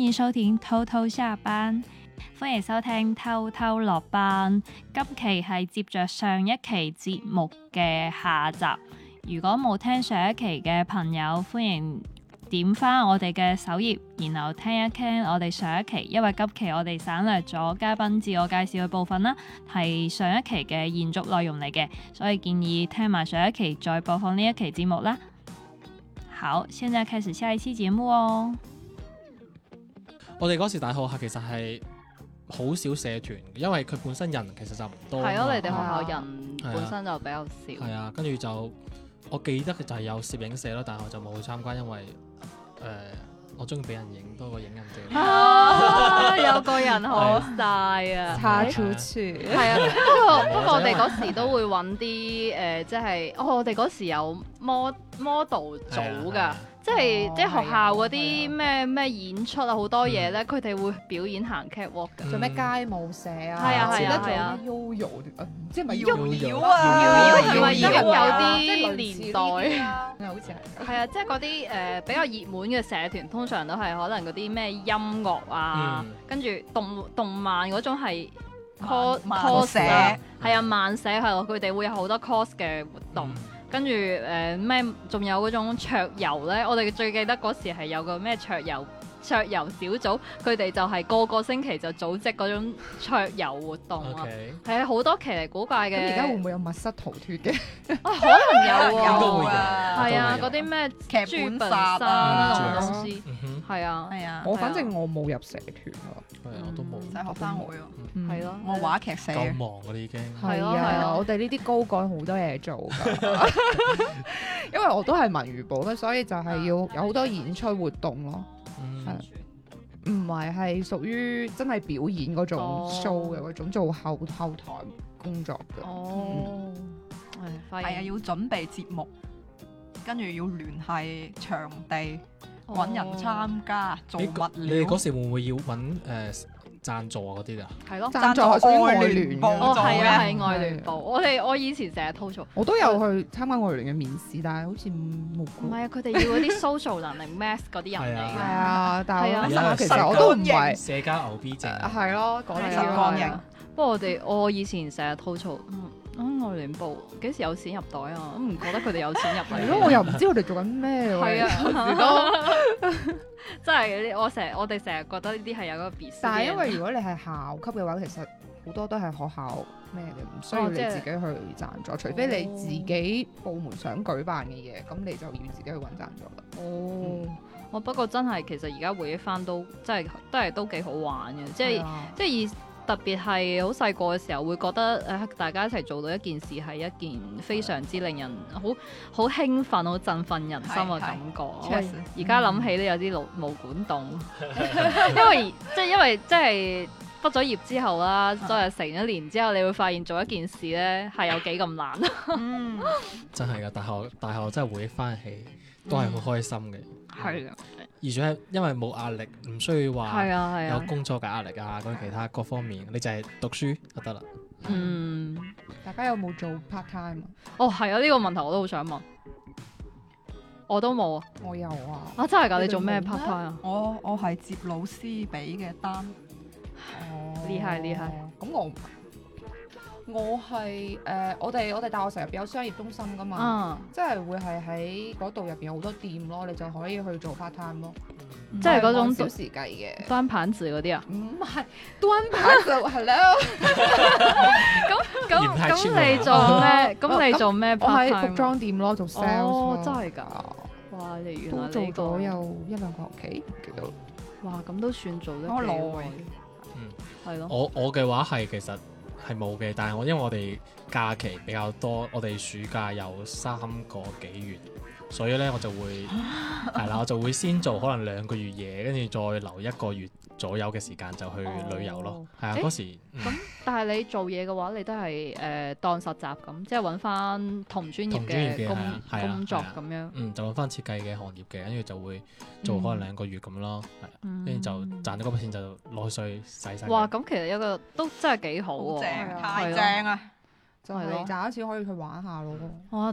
歡迎收聽偷偷下班。歡迎收聽偷偷落班。今期係接着上一期節目嘅下集。如果冇聽上一期嘅朋友，歡迎點翻我哋嘅首頁，然後聽一聽我哋上一期。因為今期我哋省略咗嘉賓自我介紹嘅部分啦，係上一期嘅延續內容嚟嘅，所以建議聽埋上一期再播放呢一期節目啦。好，現在開始下一期節目哦。我哋嗰時大學校其實係好少社團，因為佢本身人其實就唔多。係咯、啊，你哋學校人本身就比較少。係啊，啊，啊，跟住就我記得就係有攝影社咯，但係我就冇去參加，因為誒、呃、我中意俾人影多過影人哋。啊、 有個人好曬啊，啊！差處處。係啊，不過 不過我哋嗰時都會揾啲誒，即、呃、係、就是哦、我哋嗰時有 model model 組㗎。即係即係學校嗰啲咩咩演出啊，好多嘢咧，佢哋會表演行劇喎，做咩街舞社啊，或者有啲搖搖，即係咪搖搖啊？搖搖即係咪有啲年代？好似係。係啊，即係嗰啲誒比較熱門嘅社團，通常都係可能嗰啲咩音樂啊，跟住動動漫嗰種係 cos cos 社，係啊，漫社係咯，佢哋會有好多 cos 嘅活動。跟住誒咩，仲、呃、有嗰種桌遊咧？我哋最記得嗰時係有個咩桌遊。桌遊小組，佢哋就係個個星期就組織嗰種桌遊活動啊，係啊，好多奇離古怪嘅。咁而家會唔會有密室逃脫嘅？可能有啊，有啊，係啊，嗰啲咩劇本殺啊，嗰啲東西，係啊，係啊。我反正我冇入社團咯，係啊，我都冇。就係學生會咯，係咯，我話劇社。咁忙啊，已經係啊，係啊，我哋呢啲高幹好多嘢做噶，因為我都係文娛部啦，所以就係要有好多演出活動咯。係，唔係係屬於真係表演嗰種 show 嘅嗰、哦、種做後後台工作嘅，係啊、哦嗯，要準備節目，跟住要聯繫場地，搵人參加。做物料。你你你嗰時會唔會要搵誒？呃贊助啊嗰啲啊，係咯，贊助係屬於外聯哦，係啊係外聯部，我哋我以前成日吐槽，我都有去參加外聯嘅面試，但係好似冇。唔係啊，佢哋要嗰啲 social 能力、m a s h 嗰啲人嚟。係啊，但係我其實我都唔係社交牛逼仔。係咯，講得啱啊！不過我哋我以前成日吐槽。外聯、嗯、部幾時有錢入袋啊？我唔覺得佢哋有錢入嚟咯。 我又唔知佢哋做緊咩，最多 真係我成我哋成日覺得呢啲係有嗰個別。但係因為如果你係校級嘅話，其實好多都係學校咩嘅，唔需要你自己去贊助。哦、除非你自己部門想舉辦嘅嘢，咁、哦、你就要自己去揾贊助啦。哦、嗯，我不過真係其實而家回憶返都真係都係都幾好玩嘅、啊，即係即係以。以特別係好細個嘅時候，會覺得誒、哎、大家一齊做到一件事係一件非常之令人好好興奮、好振奮人心嘅感覺。而家諗起都有啲毛管凍，嗯、 因為即係、就是、因為即係畢咗業之後啦，都係成一年之後，你會發現做一件事咧係有幾咁難、嗯。 真係㗎，大學大學真係回憶翻起都係好開心嘅。係、嗯。而且因為冇壓力，唔需要話有工作嘅壓力啊，咁其他各方面，你就係讀書就得啦。嗯，大家有冇做 part time？哦，係啊，呢個問題我都好想問。我都冇。我有啊。啊，真係㗎？你，們 你做咩 part time 啊？我我係接老師俾嘅單。哦唉，厲害厲害！咁我。我係誒，我哋我哋大學城入邊有商業中心噶嘛，即係會係喺嗰度入邊有好多店咯，你就可以去做 part time 咯，即係嗰種小時計嘅端盤子嗰啲啊？唔係端盤就係咯。咁咁咁你做咩？咁你做咩？我喺服裝店咯，做 sales。哦，真係㗎！哇，你都做咗有一兩個學期，幾多？哇，咁都算做得幾耐？嗯，係咯。我我嘅話係其實。係冇嘅，但係我因為我哋假期比較多，我哋暑假有三個幾月，所以咧我就會係啦， 我就會先做可能兩個月嘢，跟住再留一個月。左右嘅時間就去旅遊咯，係啊，嗰時咁。但係你做嘢嘅話，你都係誒當實習咁，即係揾翻同專業嘅工工作咁樣。嗯，就揾翻設計嘅行業嘅，跟住就會做可能兩個月咁咯，係。跟住就賺咗嗰筆錢就攞去碎使曬。哇！咁其實有個都真係幾好，好正，太正啦！就係你賺一次可以去玩下咯。我發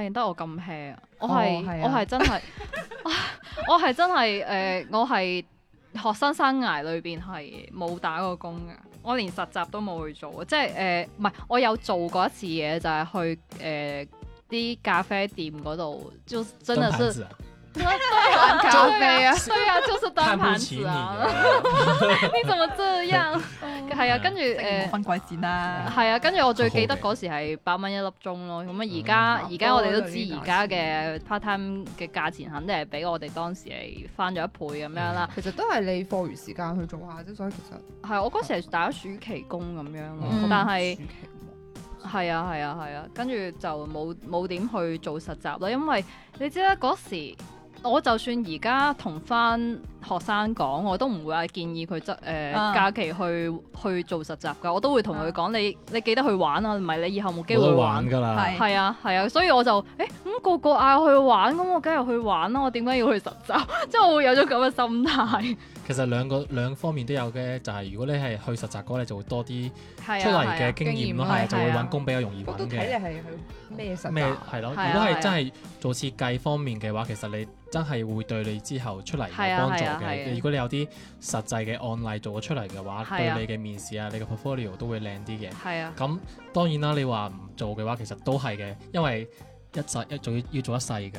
現得我咁 hea 我係我係真係，我係真係誒，我係。學生生涯裏邊係冇打過工嘅，我連實習都冇去做，即係誒，唔、呃、係我有做過一次嘢，就係、是、去誒啲、呃、咖啡店嗰度，就真係我玩 咖啡啊 ina、 yeah，對啊，就叔端盤子啊！你怎麼這樣？係啊，跟住誒，分鬼線啦！係啊，跟住我最記得嗰時係八蚊一粒鐘咯。咁啊，而家而家我哋都知而家嘅 part time 嘅價錢肯定係比我哋當時係翻咗一倍咁樣啦、嗯。其實都係你課餘時間去做下啫，所以其實係我嗰時係打暑期工咁樣，嗯、但係係啊，係啊，係啊，啊，啊，跟住就冇冇點去做實習啦，因為你知啦嗰時。我就算而家同返學生講，我都唔會話建議佢執假期去、呃啊、去，去做實習㗎，我都會同佢講：啊、你你記得去玩啊，唔係你以後冇機會去玩㗎啦。係是啊，係啊，所以我就誒咁、欸那個個嗌我去玩咁，我梗係去玩啦。我點解要去實習？即係我會有咗咁嘅心態。其實兩個兩方面都有嘅，就係、是、如果你係去實習嘅話，你就會多啲出嚟嘅經驗咯，係、啊啊啊、就會搵工比較容易搵嘅、啊。我都睇你係去咩實習？係咯、啊，如果係真係做設計方面嘅話，其實你。真係會對你之後出嚟有、啊、幫助嘅。啊啊啊、如果你有啲實際嘅案例做咗出嚟嘅話，啊、對你嘅面試啊、你嘅 portfolio 都會靚啲嘅。係啊。咁當然啦，你話唔做嘅話，其實都係嘅，因為一世一仲要，要做一世㗎，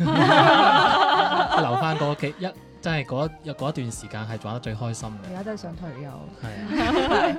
留翻屋企一真係嗰一一段時間係玩得最開心嘅。而家真係想退休。係啊。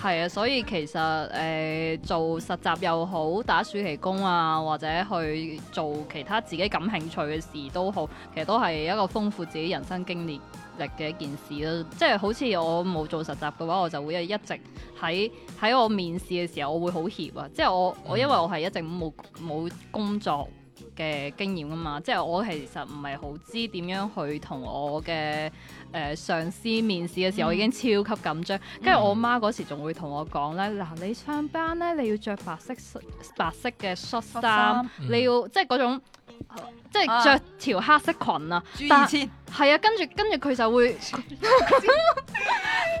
係啊，所以其實誒、呃、做實習又好，打暑期工啊，或者去做其他自己感興趣嘅事都好，其實都係一個豐富自己人生經歷歷嘅一件事咯。即係好似我冇做實習嘅話，我就會一直喺喺我面試嘅時候，我會好怯啊。即係我我、嗯、因為我係一直冇冇工作嘅經驗啊嘛，即係我其實唔係好知點樣去同我嘅。誒、呃、上司面試嘅時候，嗯、我已經超級緊張。跟住我媽嗰時仲會同我講咧：嗱、嗯啊，你上班咧，你要着白色、白色嘅恤衫，服你要、嗯、即係嗰種即係着條黑色裙啊。啊但係啊，跟住跟住佢就會，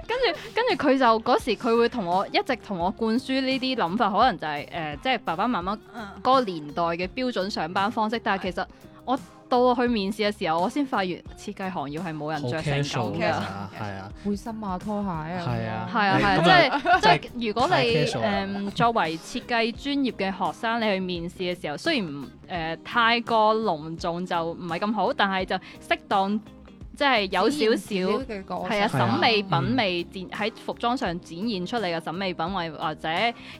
跟住跟住佢就嗰時佢會同我一直同我灌輸呢啲諗法，可能就係誒即係爸爸媽媽嗰個年代嘅標準上班方式。但係其實我。到我去面試嘅時候，我先發現設計行業係冇人着成咁嘅，啊啊、 背心啊、拖鞋啊，係 啊，係啊，即係即係，如果你誒 作為設計專業嘅學生，你去面試嘅時候，雖然唔誒、呃、太過隆重就唔係咁好，但係就適當。即係有少少，係啊，審美品味展喺服裝上展現出嚟嘅審美品味，或者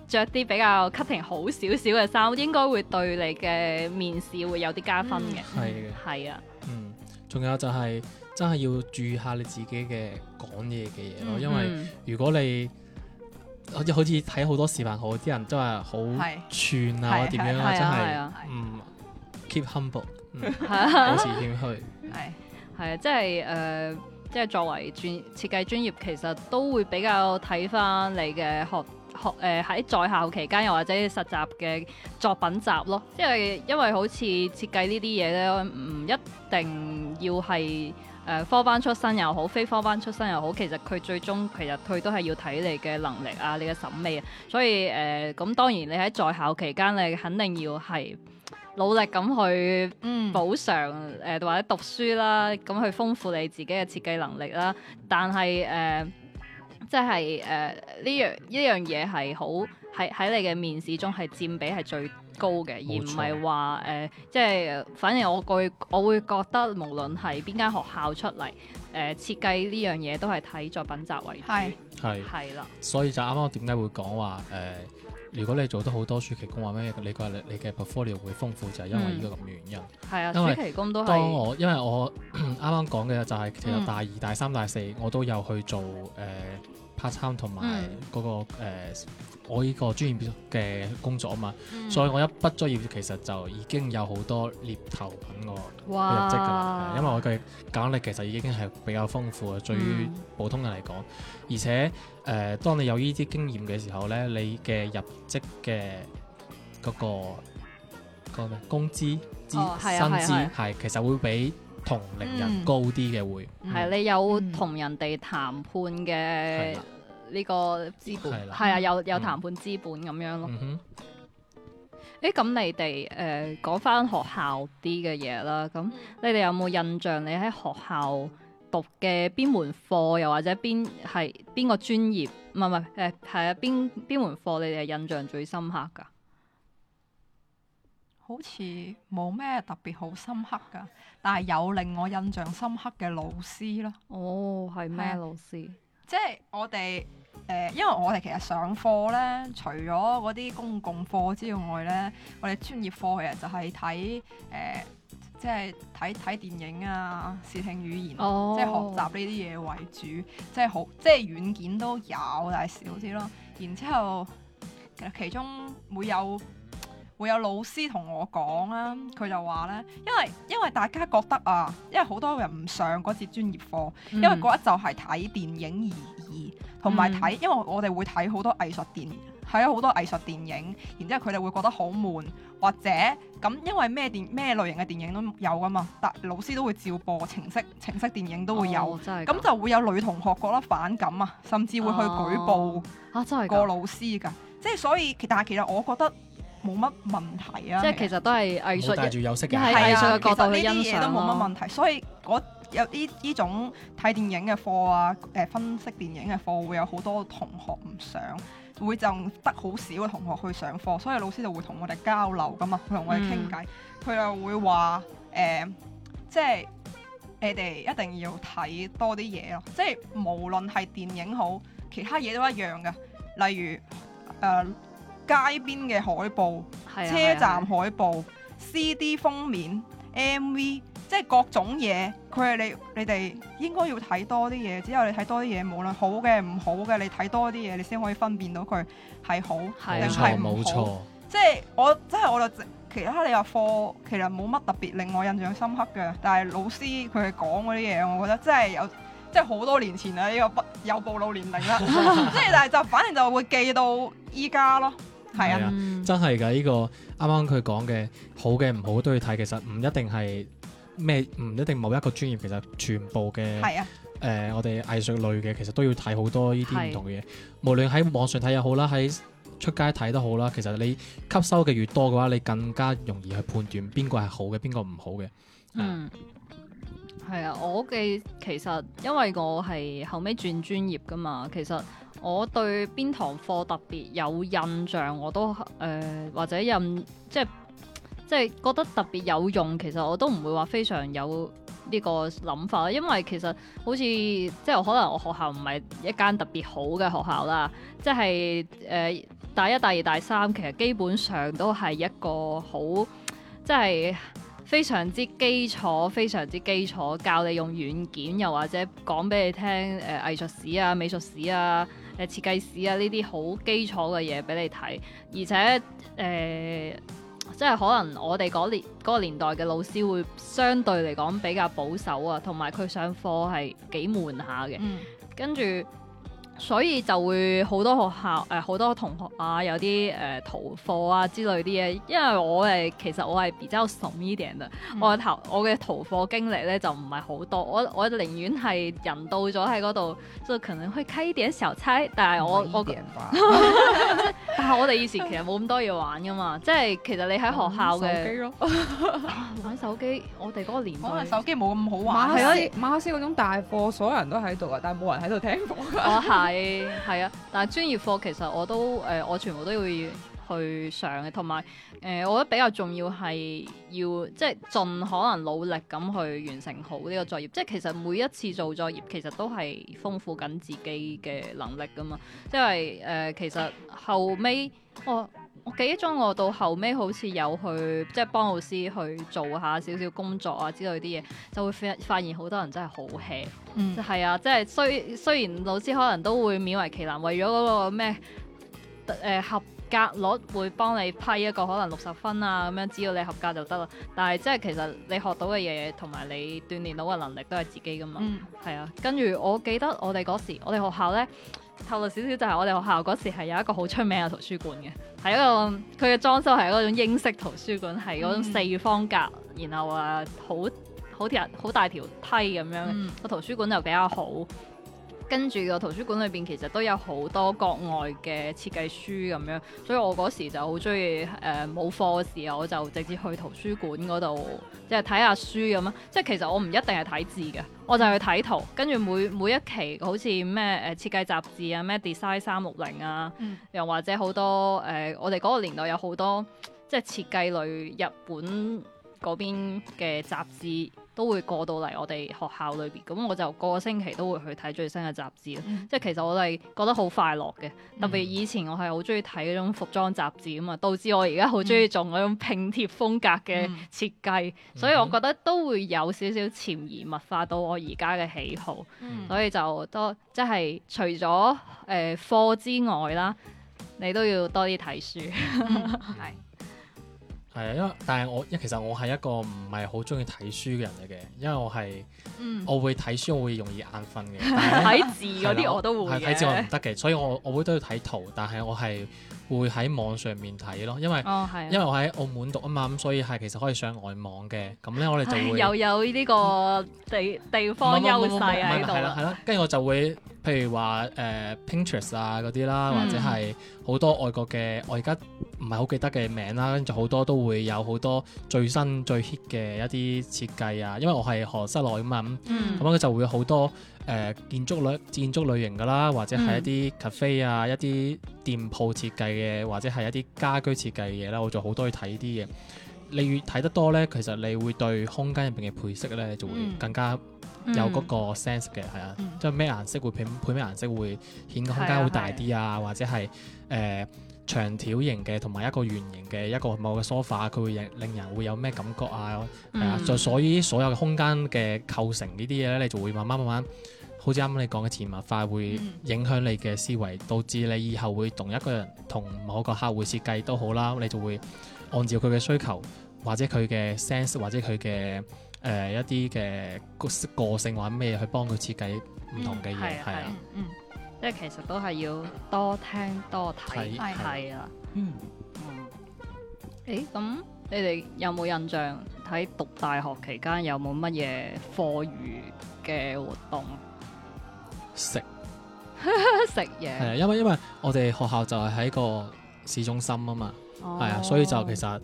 着啲比較 cutting 好少少嘅衫，應該會對你嘅面試會有啲加分嘅。係嘅。係啊。嗯，仲有就係真係要注意下你自己嘅講嘢嘅嘢咯，因為如果你好似好似睇好多視頻號啲人，真係好串啊或者點樣啊，真係唔 keep humble，保持謙虛。係。係、呃，即係誒，即係作為專設計專業，其實都會比較睇返你嘅學學誒喺、呃、在，在校期間又或者實習嘅作品集咯。即係因為好似設計呢啲嘢咧，唔一定要係誒、呃、科班出身又好，非科班出身又好，其實佢最終其實佢都係要睇你嘅能力啊，你嘅審美啊。所以誒，咁、呃、當然你喺在，在校期間，你肯定要係。努力咁去補償，誒、嗯呃、或者讀書啦，咁去豐富你自己嘅設計能力啦。但係誒，即係誒呢樣呢樣嘢係好，喺喺你嘅面試中係佔比係最高嘅。錯而唔係話誒，即、呃、係、就是、反而我會我會覺得無論係邊間學校出嚟誒、呃、設計呢樣嘢都係睇作品集為主，係係啦，所以就啱啱我點解會講話誒，如果你做得好多暑期工，話咩你個你你嘅 portfolio 會豐富，就係因為呢個咁嘅原因係啊。暑期工都係當我因為我啱啱講嘅就係其實大二大三大四，嗯、我都有去做誒、呃、part time 同埋嗰個，嗯呃我呢個專業嘅工作啊嘛，嗯、所以我一畢咗業其實就已經有好多獵頭揾我入職噶啦，哇 因為我嘅簡歷其實已經係比較豐富啊。對於普通人嚟講，嗯、而且誒、呃，當你有呢啲經驗嘅時候咧，你嘅入職嘅嗰、嗰個咩、嗰個、工資資薪、哦、資係其實會比同齡人高啲嘅會。係你有同人哋談判嘅。嗯呢個資本係啊的，有有談判資本咁樣咯。誒、嗯哼，咁、欸、你哋誒、呃、講返學校啲嘅嘢啦。咁你哋有冇印象？你喺學校讀嘅邊門課，又或者邊係邊個專業？唔係唔係誒，係啊，邊邊門課你哋係印象最深刻㗎？好似冇咩特別好深刻㗎，但係有令我印象深刻嘅老師咯。哦，係咩是老師？即係我哋。誒，因為我哋其實上課咧，除咗嗰啲公共課之外咧,我哋專業課其實就係睇誒，即係睇睇電影啊、視聽語言，oh。即係學習呢啲嘢為主，即係好即係軟件都有，但係少啲咯。然之後其實其中會有會有老師同我講啦，佢就話咧，因為因為大家覺得啊，因為好多人唔上嗰節專業課，mm。因為嗰一就係睇電影而。同埋睇，因為我哋會睇好多藝術電，睇好多藝術電影，然之後佢哋會覺得好悶，或者咁，因為咩電咩類型嘅電影都有㗎嘛，但老師都會照播情色情色電影都會有，咁、哦、就會有女同學覺得反感啊，甚至會去舉報、哦、啊，個老師㗎，即係所以，但係其實我覺得冇乜問題啊，即係其實都係藝術，帶住有色嘅，其實呢啲嘢都冇乜問題，啊、所以我。有呢呢種睇電影嘅課啊，誒、呃、分析電影嘅課會有好多同學唔上，會就得好少嘅同學去上課，所以老師就會同我哋交流㗎嘛，佢同我哋傾偈，佢又、嗯、會話誒、呃，即係你哋一定要睇多啲嘢咯，即係無論係電影好，其他嘢都一樣嘅，例如誒、呃、街邊嘅海報、啊、車站海報、啊啊、CD 封面、MV。即係各種嘢，佢係你，你哋應該要睇多啲嘢。只有你睇多啲嘢，無論好嘅、唔好嘅，你睇多啲嘢，你先可以分辨到佢係好定係唔好。即係我，即係我，就其他你話課其實冇乜特別令我印象深刻嘅，但係老師佢講嗰啲嘢，我覺得真係有，即係好多年前啦，呢個有暴露年齡啦。即係 但係就反正就會記到依家咯。係 啊，嗯、真係㗎！呢個啱啱佢講嘅好嘅唔好都要睇，其實唔一定係。咩，唔一定某一個專業，其實全部嘅誒是、啊呃，我哋藝術類嘅其實都要睇好多呢啲唔同嘅嘢。是啊、無論喺網上睇又好啦，喺出街睇都好啦。其實你吸收嘅越多嘅話，你更加容易去判斷邊個係好嘅，邊個唔好嘅。嗯，係啊，我嘅其實因為我係後尾轉專業㗎嘛，其實我對邊堂課特別有印象，我都誒、呃、或者任即係。即係覺得特別有用，其實我都唔會話非常有呢個諗法，因為其實好似即係可能我學校唔係一間特別好嘅學校啦。即係誒、呃、大一大二大三，其實基本上都係一個好即係非常之基礎、非常之基礎，教你用軟件，又或者講俾你聽誒、呃、藝術史啊、美術史啊、誒設計史啊呢啲好基礎嘅嘢俾你睇，而且誒。呃即係可能我哋嗰年嗰個年代嘅老師會相對嚟講比較保守啊，同埋佢上課係幾悶下嘅，嗯、跟住。所以就會好多學校誒，好、呃、多同學啊，有啲誒逃課啊之類啲嘢。因為我誒其實我係比較少啲啲嘅，我逃我嘅逃課經歷咧就唔係好多。我我寧願係人到咗喺嗰度，就可能去溪點時候猜。但係我但係我哋以前其實冇咁多嘢玩噶嘛。即係其實你喺學校嘅咯，玩，玩，手機 玩手機，我哋嗰個年代手機冇咁好玩。馬克思馬克思嗰種大課，所有人都喺度啊，但係冇人喺度聽課。我 係，係啊，但係專業課其實我都誒、呃，我全部都要去上嘅，同埋誒，我覺得比較重要係要即係盡可能努力咁去完成好呢個作業，即係其實每一次做作業其實都係豐富緊自己嘅能力噶嘛，即係誒、呃、其實後尾我。哦我記憶中，我到後尾好似有去即係幫老師去做下少少工作啊之類啲嘢，就會發發現好多人真係好 hea。係啊、嗯，即係、就是、雖雖然老師可能都會勉為其難，為咗嗰個咩誒、呃、合格率會幫你批一個可能六十分啊咁樣，只要你合格就得啦。但係即係其實你學到嘅嘢，同埋你鍛鍊到嘅能力都係自己㗎嘛。嗯，係啊。跟住我記得我哋嗰時，我哋學校咧。透露少少就係我哋學校嗰時係有一個好出名嘅圖書館嘅，係一個佢嘅裝修係嗰種英式圖書館，係嗰種四方格，嗯、然後啊好好條好大條梯咁樣嘅個、嗯、圖書館就比較好。跟住個圖書館裏邊其實都有好多國外嘅設計書咁樣，所以我嗰時就好中意誒冇課嘅時候，我就直接去圖書館嗰度即係睇下書咁樣。即係其實我唔一定係睇字嘅，我就去睇圖。跟住每每一期好似咩誒設計雜誌啊，咩 Design 三六零啊，嗯、又或者好多誒、呃、我哋嗰個年代有好多即係設計類日本嗰邊嘅雜誌。都會過到嚟我哋學校裏邊，咁我就個個星期都會去睇最新嘅雜誌，嗯、即係其實我哋覺得好快樂嘅，嗯、特別以前我係好鍾意睇嗰種服裝雜誌啊嘛，導致我而家好鍾意做嗰種拼貼風格嘅設計。嗯、所以我覺得都會有少少潛移默化到我而家嘅喜好。嗯、所以就多即係除咗誒、呃、課之外啦，你都要多啲睇書。係啊，因為但係我一其實我係一個唔係好中意睇書嘅人嚟嘅，因為我係、嗯，我會睇書，我會容易眼瞓嘅。睇 字嗰啲我，我都會嘅，睇字我唔得嘅，所以我我會都要睇圖，但係我係。會喺網上面睇咯，因為因為我喺澳門讀啊嘛，咁所以係其實可以上外網嘅。咁咧我哋就會又有呢個地地方優勢喺度。係啦，跟住我就會，譬如話誒 Pinterest 啊嗰啲啦，或者係好多外國嘅，我而家唔係好記得嘅名啦，就好多都會有好多最新最 hit 嘅一啲設計啊。因為我係學室內啊嘛，咁咁咧就會好多。誒、呃、建築類建築類型嘅啦，或者係一啲 cafe 啊，嗯、一啲店鋪設計嘅，或者係一啲家居設計嘅嘢啦，我就好多去睇啲嘢。你越睇得多呢，其實你會對空間入邊嘅配色呢就會更加有嗰個 sense 嘅，係、嗯、啊，即係咩顏色會配配咩顏色會顯個空間會大啲啊，啊啊或者係誒。呃長條形嘅同埋一個圓形嘅一個某個 sofa，佢會令人會有咩感覺啊？係啊、嗯，就、uh, 所以所有嘅空間嘅構成呢啲嘢咧，你就會慢慢慢慢，好似啱啱你講嘅潛物化，會影響你嘅思維，導致你以後會同一個人同某個客戶設計都好啦，你就會按照佢嘅需求，或者佢嘅 sense，或者佢嘅誒一啲嘅個性或者咩去幫佢設計唔同嘅嘢，係啊，嗯。的的即係其實都係要多聽多睇係啦。嗯，睇睇嗯。誒、嗯，咁、欸，你哋有冇印象喺讀大學期間有冇乜嘢課餘嘅活動？食食嘢係啊，因為因為我哋學校就係喺個市中心啊嘛，係啊、哦，所以就其實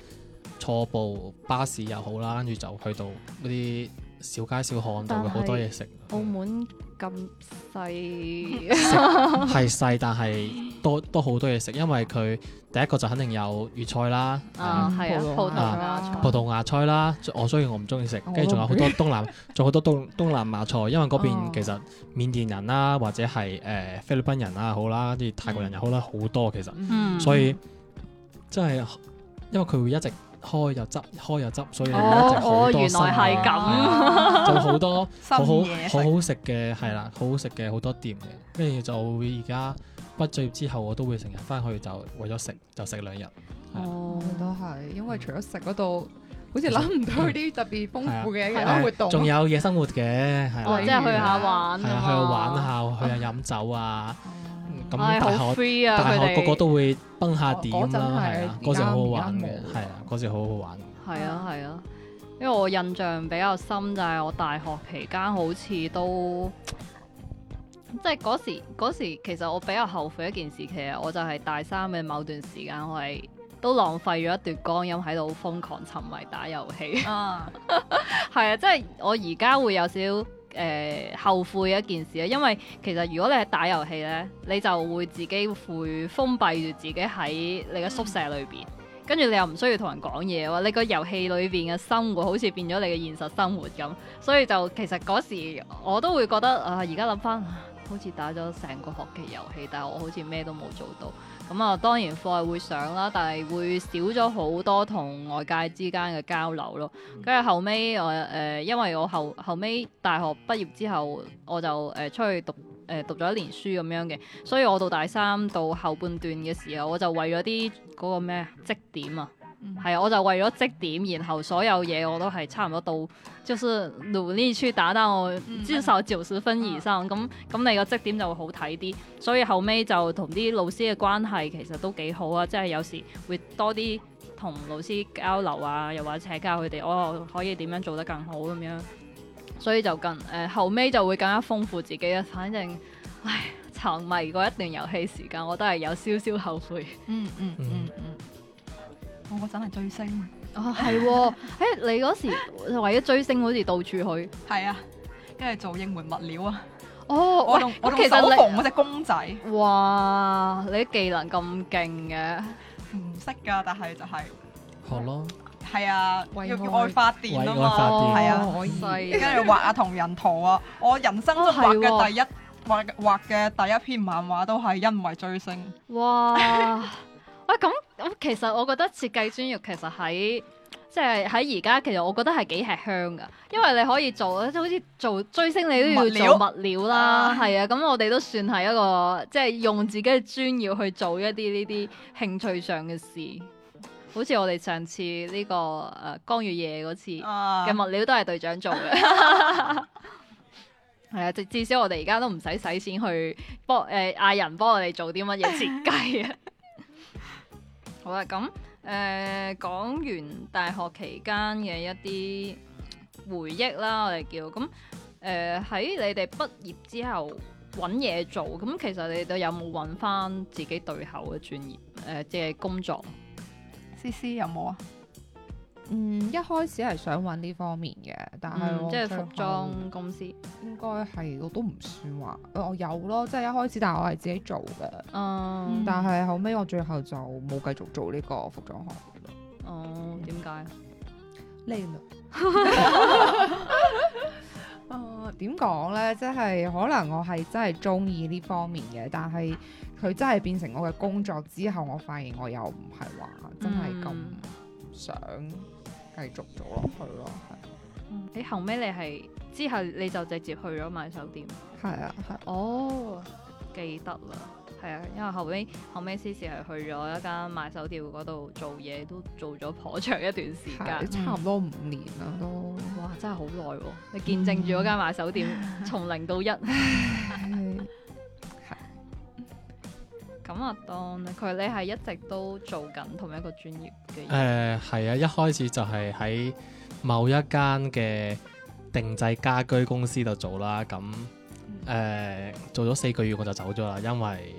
坐部巴士又好啦，跟住就去到嗰啲小街小巷度嘅好多嘢食。澳門咁細，係細 但係多多好多嘢食，因為佢第一個就肯定有粵菜啦，啊，係、嗯、通啊，葡萄牙菜啦，葡萄、啊、牙菜啦，我、哦、所以我唔中意食，跟住仲有好多東南，仲好 多東東南亞菜，因為嗰邊其實緬甸人啦，或者係誒、呃、菲律賓人啦，好啦，啲泰國人又好啦，好、嗯、多其實，嗯、所以真係因為佢會一直，開又執，開又執，所以咧一直好多新嘅，做好多好好好好食嘅，係啦，好好食嘅好多店嘅，跟住就而家畢咗業之後，我都會成日返去就為咗食，就食兩日。哦，都係，因為除咗食嗰度，好似諗唔到啲特別豐富嘅其他活動，仲有夜生活嘅，哦，即係去下玩啊，去下玩下，去下飲酒啊。咁、嗯、大學，大學個個都會崩下點啦，係那啊，嗰在時好好玩嘅，係啊，嗰時好好玩。係啊，係啊，因為我印象比較深就係我大學期間好似都，即係嗰時嗰時，時其實我比較後悔一件事，其實我就係大三嘅某段時間，我係都浪費咗一段光陰喺度瘋狂沉迷打遊戲。啊，係 啊，即、就、係、是、我而家會有少。誒、呃，後悔一件事咧，因為其實如果你係，打遊戲咧，你就會自己會封閉住自己喺你嘅宿舍裏邊，跟住你又唔需要同人講嘢，你個遊戲裏邊嘅生活好似變咗你嘅現實生活咁，所以就其實嗰時我都會覺得啊，而家諗翻好似打咗成個學期遊戲，但係我好似咩都冇做到。咁啊、嗯，當然課係會上啦，但係會少咗好多同外界之間嘅交流咯。跟住後尾我、呃、因為我後後尾大學畢業之後，我就、呃、出去讀誒、呃、讀咗一年書咁樣嘅，所以我到大三到後半段嘅時候，我就為咗啲嗰個咩績點啊。係，我就為咗績點，然後所有嘢，我都係差唔多，到，就是努力去打，到我至少九十分以上，咁咁、嗯嗯嗯、你個績點就會好睇啲。所以後尾就同啲老師嘅關係其實都幾好啊，即、就、係、是、有時會多啲同老師交流啊，又或者請教佢哋，我可以點樣做得更好咁、啊、樣。所以就更誒、呃，後尾就會更加豐富自己啊。反正唉，沉迷過一段遊戲時間，我都係有少少後悔。嗯嗯嗯嗯。嗯嗯嗯我嗰陣係追星，哦係，誒你嗰時為咗追星好似到處去，係啊，跟住做應援物料啊，哦我同我同手縫嗰隻公仔，哇你啲技能咁勁嘅，唔識噶，但係就係學咯，係啊，要要愛發電啊嘛，係啊，可以，跟住畫啊同人圖啊，我人生中畫嘅第一畫畫嘅第一篇漫畫都係因為追星，哇。喂，咁咁、啊，其實我覺得設計專業其實喺即係喺而家，就是、在在其實我覺得係幾吃香噶，因為你可以做，好似做追星你都要做物料啦，係料啊，咁我哋都算係一個即係、就是、用自己嘅專業去做一啲呢啲興趣上嘅事，好似我哋上次呢、這個誒、呃、光與夜嗰次嘅物料都係隊長做嘅，係啊，至少我哋而家都唔使使錢去幫誒嗌人幫我哋做啲乜嘢設計啊。 好啦，咁誒、呃、講完大學期間嘅一啲回憶啦，我哋叫咁誒喺你哋畢業之後揾嘢做，咁其實你哋有冇揾返自己對口嘅專業誒、呃、即係工作？思思有冇啊？嗯，一開始係想搵呢方面嘅，但係、嗯、即係服裝公司，應該係我都唔算話，我有咯，即係一開始，但係我係自己做嘅，uh, 嗯，但係後尾我最後就冇繼續做呢個服裝行業咯。哦、uh,，點解呢度，啊，點講呢？即係可能我係真係中意呢方面嘅，但係佢真係變成我嘅工作之後，我發現我又唔係話真係咁、嗯。想繼續做落去咯，係。嗯、後你後尾你係之後你就直接去咗買手店？係啊，係。哦，記得啦，係啊，因為後尾，後尾 Cici 係去咗一間買手店嗰度做嘢，都做咗頗長一段時間，差唔多五年啦。哇，是都，真係好耐，嗯、你見證住嗰間買手店 從零到一。 咁啊，當佢你係一直都做緊同一個專業嘅。誒係啊，一開始就係喺某一間嘅定製家居公司度做啦。咁誒、呃、做咗四個月我就走咗啦，因為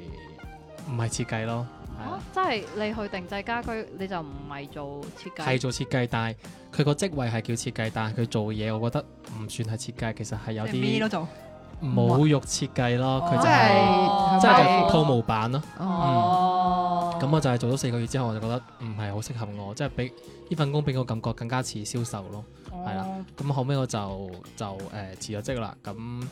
唔係設計咯。啊、即係你去定製家居，你就唔係做設計，係做設計，但係佢個職位係叫設計，但係佢做嘢，我覺得唔算係設計，其實係有啲。侮辱設計咯，佢哇就係即係就套模板咯。哦，咁我就係做咗四個月之後，我就覺得唔係好適合我，即係俾呢份工俾我感覺更加似銷售咯。哦，係啦。咁後尾我就就誒、呃、辭咗職啦。咁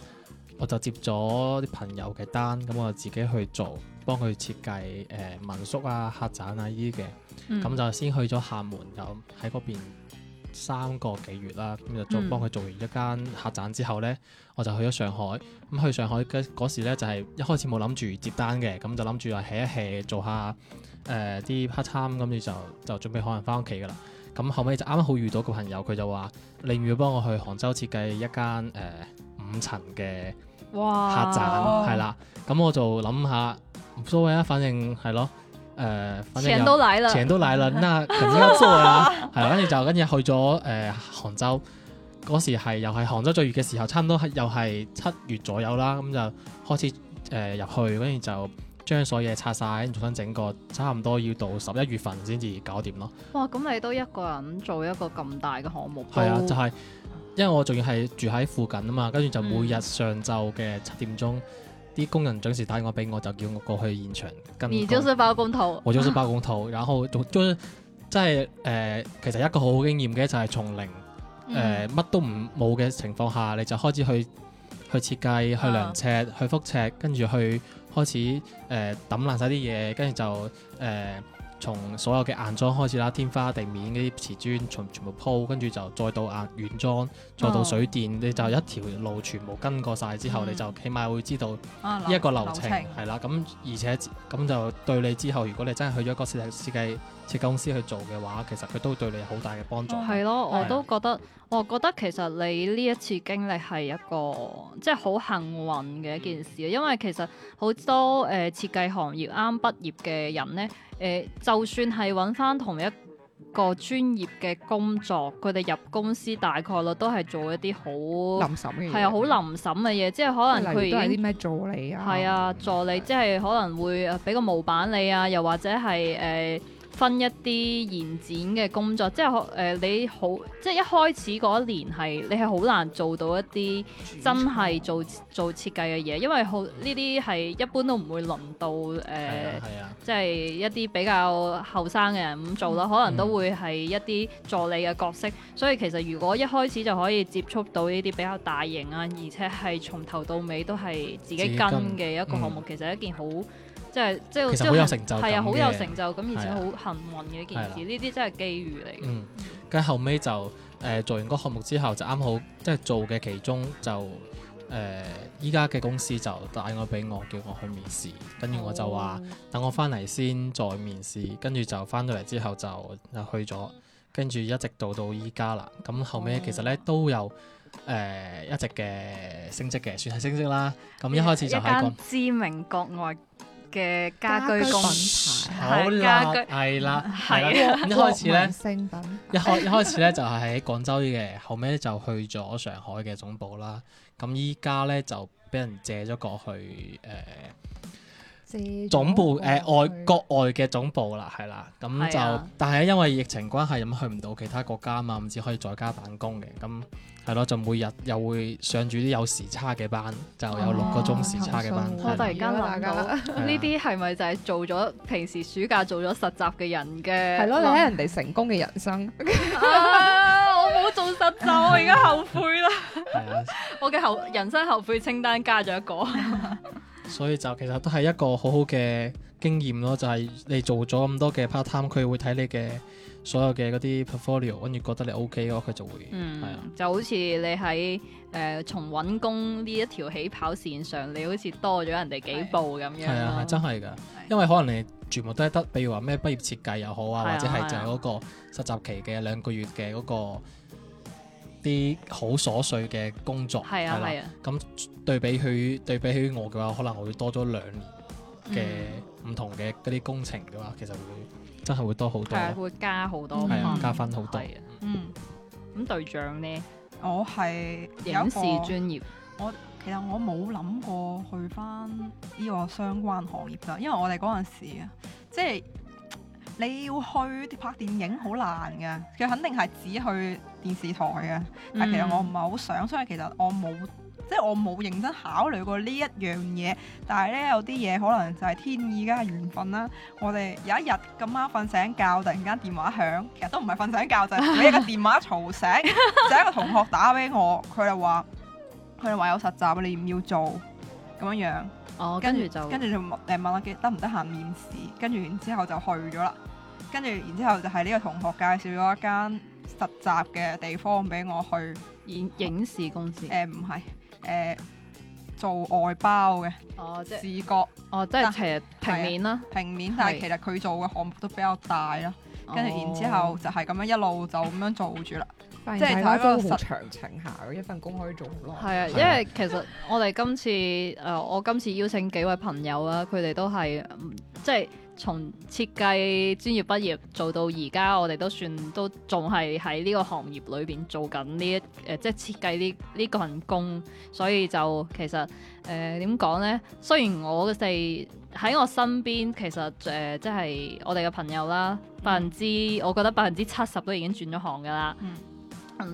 我就接咗啲朋友嘅單，咁我就自己去做，幫佢設計誒、呃、民宿啊、客棧啊依啲嘅。咁、嗯、就先去咗廈門就喺嗰邊三個幾月啦，咁就再幫佢做完一間客棧之後呢，嗯、我就去咗上海。咁去上海嘅嗰時咧，就係、是、一開始冇諗住接單嘅，咁就諗住話 hea 一 hea 做一下誒啲 part time。呃、咁就就準備可能翻屋企噶啦。咁後尾就啱啱好遇到個朋友，佢就話：你唔要幫我去杭州設計一間誒、呃、五層嘅客棧，係啦哇。咁我就諗下，唔所謂啊，反正係咯。誒、呃，反正錢都來了，都來了， 那勤力做啊，係啦，跟住就跟住去咗誒杭州，嗰 時係又係杭州最熱嘅時候，差唔多又係七月左右啦，咁就開始誒入、呃、去，跟住就將所有嘢拆晒，重新整過，差唔多要到十一月份先至搞掂咯。哇，咁你都一個人做一個咁大嘅項目？係啊，就係、是，因為我仲要係住喺附近啊嘛，跟住就每日上晝嘅七點鐘。嗯啲工人準時打電話俾我，就叫我過去現場跟。你就係包工頭。我就是包工頭， 然後仲即係誒其實一個好好經驗嘅就係從零誒乜都唔冇嘅情況下，你就開始去去設計、去量尺、啊、去覆尺，跟住去開始誒揼、呃、爛晒啲嘢，跟住就誒。呃從所有嘅硬裝開始啦，天花地面嗰啲瓷磚全全部鋪，跟住就再到硬軟裝，再到水電，嗯、你就一條路全部跟過晒之後，嗯、你就起碼會知道呢一、啊、個流程係啦。咁程而且咁就對你之後，如果你真係去咗個設計設計設計公司去做嘅話，其實佢都會對你好大嘅幫助。係咯、哦，是的 我都覺得，我覺得其實你呢一次經歷係一個即係好幸運嘅一件事，嗯、因為其實好多誒、呃、設計行業啱畢業嘅人咧，誒、呃、就算係揾翻同一個專業嘅工作，佢哋入公司大概率都係做一啲好臨審嘅，係啊，好臨審嘅嘢，即係可能佢都係啲咩助理啊，係啊，助理即係是的 可能會俾個模板你啊，又或者係誒、呃分一啲延展嘅工作，即係誒、呃、你好，即係一開始嗰一年係你係好難做到一啲真係做做設計嘅嘢，因為好呢啲係一般都唔會輪到誒，呃啊啊、即係一啲比較後生嘅人咁做啦，嗯、可能都會係一啲助理嘅角色。嗯、所以其實如果一開始就可以接觸到呢啲比較大型啊，而且係從頭到尾都係自己跟嘅一個項目，嗯、其實一件好。即係即係，即係好有成就，係啊，好有成就咁，而且好幸運嘅一件事，呢啲、啊啊、真係機遇嚟嘅。嗯，咁後尾就誒、呃、做完個項目之後，就啱好即係做嘅其中就誒依家嘅公司就帶我俾我叫我去面試，跟住我就話、哦、等我翻嚟先再面試，跟住就翻到嚟之後就就去咗，跟住一直到到依家啦。咁後尾其實咧、嗯、都有誒、呃、一直嘅升職嘅，算係升職啦。咁一開始就喺個知名國外嘅家居品牌，好啦，係啦，係啦。一開始咧，一開一開始咧就係喺廣州嘅，後尾就去咗上海嘅總部啦。咁依家咧就俾人借咗過去，誒，總部誒外國外嘅總部啦，係啦。咁就但係因為疫情關係，咁去唔到其他國家啊嘛，咁只可以在家辦公嘅咁。係咯，就每日又會上住啲有時差嘅班，就有六個鐘時,時差嘅班。哦、對我突然間諗到，呢啲係咪就係做咗平時暑假做咗實習嘅人嘅？係咯，你睇人哋成功嘅人生。 啊、我冇做實習，我而家後悔啦。 了 我嘅後人生後悔清單加咗一個。 所以就其實都係一個好好嘅經驗咯，就係、是、你做咗咁多嘅 part time，佢會睇你嘅。所有嘅嗰啲 portfolio，跟住覺得你 OK 嘅話，佢就會係啊，就好似你喺誒從揾工呢一條起跑線上，你好似多咗人哋幾步咁樣，係啊，真係噶，因為可能你全部都係得，比如話咩畢業設計又好啊，或者係就係嗰個實習期嘅兩個月嘅嗰個啲好瑣碎嘅工作，係啊係啊，咁對比佢對比起我嘅話，可能我會多咗兩年嘅唔同嘅嗰啲工程嘅話，其實會。真係會多好多，係啊，會加好多，加分好低嘅。嗯，咁對象咧，我係影視專業，我其實我冇諗過去翻呢個相關行業㗎，因為我哋嗰陣時啊，即係你要去拍電影好難㗎，佢肯定係只去電視台㗎，嗯，但其實我唔係好想，所以其實我冇。即係我冇認真考慮過呢一樣嘢，但係咧，有啲嘢可能就係天意加緣分啦。我哋有一日咁啱瞓醒覺，突然間電話響，其實都唔係瞓醒覺，就係、是、俾一個電話嘈醒，就係 一個同學打俾我，佢就話佢就話有實習你唔要做咁樣樣。哦，跟住就跟住就誒問下得唔得閒面試，跟住然之後就去咗啦。跟住然之後就係呢個同學介紹咗一間實習嘅地方俾我去影影視公司。誒唔係。誒、呃、做外包嘅，哦，即係視覺，哦，即係其實平面啦、啊，平面，但係其實佢做嘅項目都比較大啦，哦、跟住然之後就係咁樣一路就咁樣做住啦，白即係係一個好長情下嘅一份工可以做好耐，係啊，因為其實我哋今次誒、 呃，我今次邀請幾位朋友啊，佢哋都係、嗯、即係。從設計專業畢業做到而家，我哋都算都仲係喺呢個行業裏邊做緊呢一誒、呃，即係設計呢呢、呢個份工，所以就其實誒點講咧？雖然我哋喺我身邊，其實誒、呃、即係我哋嘅朋友啦，百分之、嗯、我覺得百分之七十都已經轉咗行噶啦，嗯、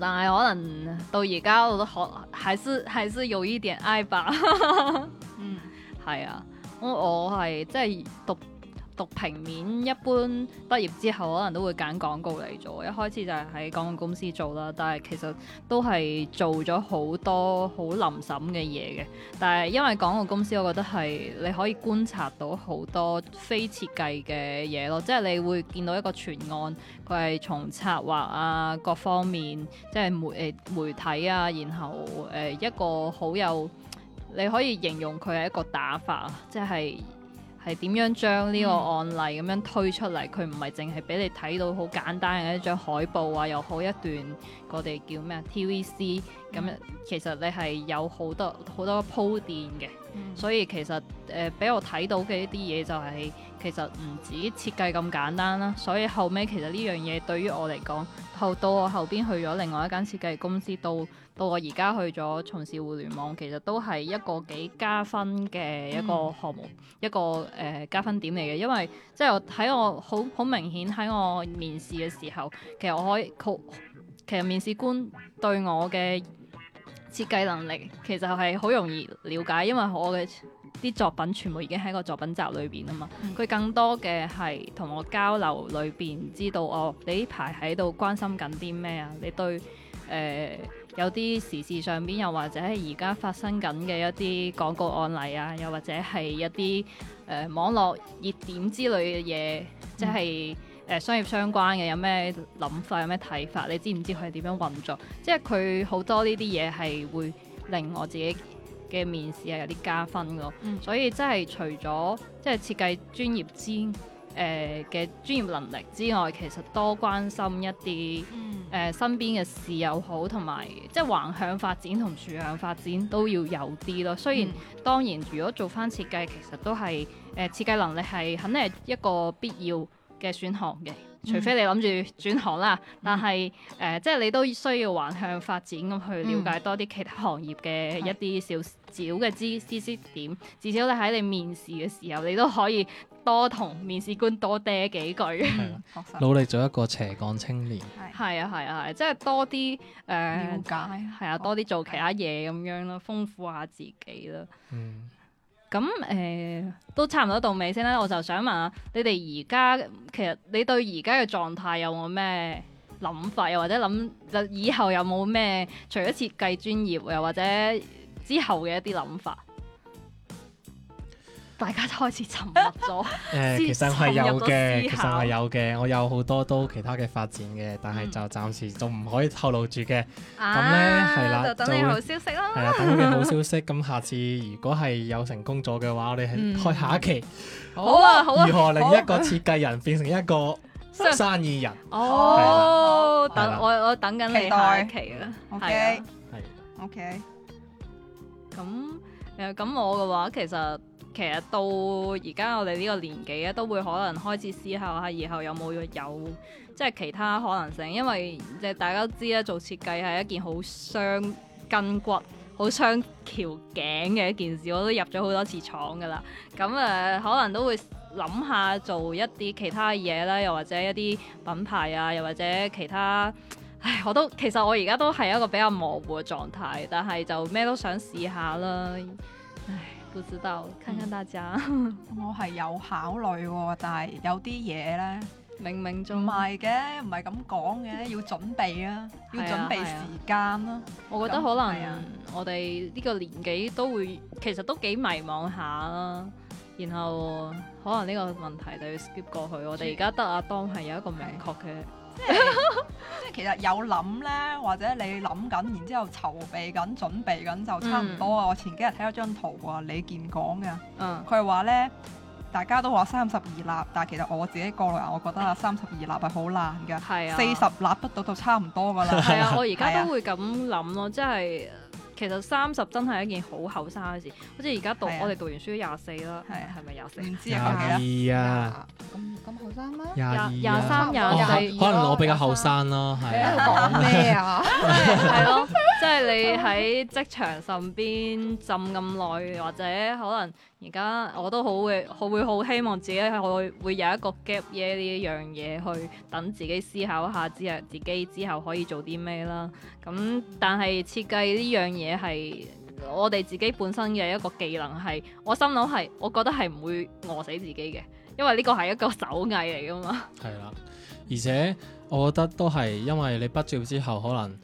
但係可能到而家我都學，還是還是有一點愛吧。 嗯，係啊，我我係即係讀。讀平面一般畢業之後，可能都會揀廣告嚟做。一開始就係喺廣告公司做啦，但係其實都係做咗好多好臨審嘅嘢嘅。但係因為廣告公司，我覺得係你可以觀察到好多非設計嘅嘢咯，即係你會見到一個全案，佢係從策劃啊各方面，即係媒、呃、媒體啊，然後誒、呃、一個好有你可以形容佢係一個打法，即係。係點樣將呢個案例咁樣推出嚟？佢唔係淨係畀你睇到好簡單嘅一張海報啊，又好一段我哋叫咩啊 TVC 咁樣，其實你係有好多好多鋪墊嘅。所以其實誒俾、呃、我睇到嘅一啲嘢就係、是、其實唔止設計咁簡單啦，所以後尾其實呢樣嘢對於我嚟講，後到我後邊去咗另外一間設計公司，到到我而家去咗從事互聯網，其實都係一個幾加分嘅一個項目，嗯、一個誒、呃、加分點嚟嘅，因為即係喺我好好明顯喺我面試嘅時候，其實我可以，其實面試官對我嘅。設計能力其實係好容易了解，因為我嘅啲作品全部已經喺個作品集裏邊啊嘛。佢、嗯、更多嘅係同我交流裏邊，知道哦，你呢排喺度關心緊啲咩啊？你對誒、呃、有啲時事上邊，又或者係而家發生緊嘅一啲廣告案例啊，又或者係一啲誒、呃、網絡熱點之類嘅嘢，即、就、係、是。嗯誒商業相關嘅有咩諗法，有咩睇法？你知唔知佢點樣運作？即係佢好多呢啲嘢係會令我自己嘅面試係有啲加分咯。嗯、所以真係除咗即係設計專業之誒嘅、呃、專業能力之外，其實多關心一啲誒、呃、身邊嘅事又好，同埋即係橫向發展同豎向發展都要有啲咯。雖然、嗯、當然，如果做返設計，其實都係誒、呃、設計能力係肯定係一個必要。嘅選項嘅，除非你諗住轉行啦，嗯、但係誒、呃，即係你都需要橫向發展咁去了解多啲其他行業嘅一啲少少嘅知知識點，嗯、至少你喺你面試嘅時候，你都可以多同面試官多嗲幾句，嗯、 努力做一個斜槓青年，係啊係啊係，即係多啲誒，瞭解係啊，多啲、呃、解做其他嘢咁樣咯，豐富下自己咯。嗯。咁誒、嗯、都差唔多到尾先啦，我就想問下你哋而家其實你對而家嘅狀態有冇咩諗法，又或者諗就以後有冇咩除咗設計專業，又或者之後嘅一啲諗法？大家都開始沉默咗。誒，其實我係有嘅，其實我係有嘅，我有好多都其他嘅發展嘅，但係就暫時仲唔可以透露住嘅。咁咧係啦，就等你好消息啦，係啊，等你好消息。咁下次如果係有成功咗嘅話，我哋開下一期。好啊，好啊。如何令一個設計人變成一個生意人？哦，等我我等緊你期待期啦。係啊，係。O K。咁誒，咁我嘅話其實。其實到而家我哋呢個年紀咧，都會可能開始思考下，以後有冇有，有即係其他可能性？因為即大家都知啦，做設計係一件好傷筋骨、好傷條頸嘅一件事。我都入咗好多次廠噶啦，咁誒、呃、可能都會諗下做一啲其他嘢啦，又或者一啲品牌啊，又或者其他……唉，我都其實我而家都係一個比較模糊嘅狀態，但係就咩都想試下啦。不知道，看看大家，嗯。 我係有考慮，但係有啲嘢咧，明明就唔係嘅，唔係咁講嘅， 要準備啊， 要準備時間咯。啊啊、那我覺得可能、啊、我哋呢個年紀都會，其實都幾迷茫下啦。然後可能呢個問題就要 skip 過去，我哋而家得阿當係 有一個明確嘅。即係 其實有諗呢，或者你諗緊，然之後籌備緊、準備緊就差唔多啊！嗯，我前幾日睇咗張圖喎，李健講嘅，嗯，佢係話呢，大家都話三十二立，但係其實我自己過來我覺得啊，三十二立係好難噶，係啊，四十立不到就差唔多噶啦，係 啊，我而家都會咁諗咯，即係。其實三十真係一件好後生嘅事，好似而家讀、啊、我哋讀完書都廿四啦，係係咪廿四？唔知廿二啊！咁咁後生啦？廿廿、啊、三、廿、哦、可能我比較後生啦，你喺度講咩啊？真係係咯，即係你喺職場上邊浸咁耐，或者可能。而家我都好會，我會好希望自己去會有一個 gap year，呢一樣嘢，去等自己思考一下之後自己之後可以做啲咩啦。咁但係設計呢樣嘢係我哋自己本身嘅一個技能係，我心諗係我覺得係唔會餓死自己嘅，因為呢個係一個手藝嚟噶嘛。係啦，而且我覺得都係因為你畢業之後可能。